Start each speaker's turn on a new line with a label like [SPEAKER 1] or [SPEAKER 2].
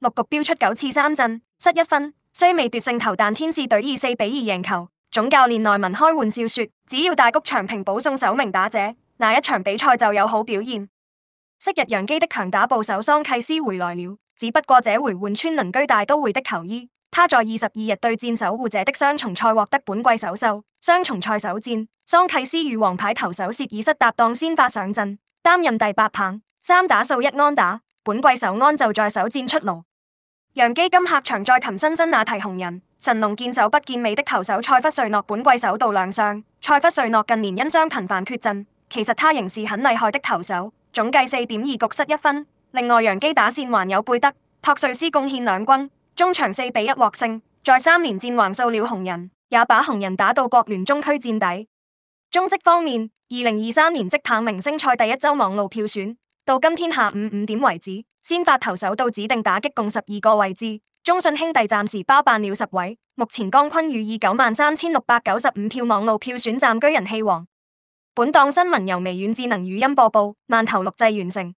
[SPEAKER 1] 六局飆出九次三振，失一分，雖未奪勝投，但天使隊以四比二贏球。總教練奈文開玩笑說：只要大谷翔平保送首名打者，那一場比賽就有好表現。昔日揚基的強打捕手桑契斯回來了，只不過這回換穿鄰居大都會的球衣。他在二十二日對戰守護者的雙重賽獲得本季首秀。雙重賽首戰，桑契斯與王牌投手薛爾什搭檔先發上陣，擔任第八棒，三打數一安打。本季首安就在首戰出爐，洋基今客場再擒辛辛那提紅人，神龍見首不見尾的投手塞弗瑞諾本季首度亮相。塞弗瑞諾近年因傷頻繁缺陣，其實他仍是很厲害的投手，總計四點二局失一分。另外洋基打線還有貝德、托瑞斯貢獻兩軍，中場四比一獲勝，在三連戰橫掃了紅人，也把紅人打到國聯中區墊底。中職方面，二零二三年職棒明星賽第一週網路票選。到今天下午五點為止，先發投手到指定打擊共十二個位置，中信兄弟暫時包辦了十位。目前江坤宇以九萬三千六百九十五票網路票選暫居人氣王。本檔新聞
[SPEAKER 2] 由微軟智能語音播報，萬頭錄製完成。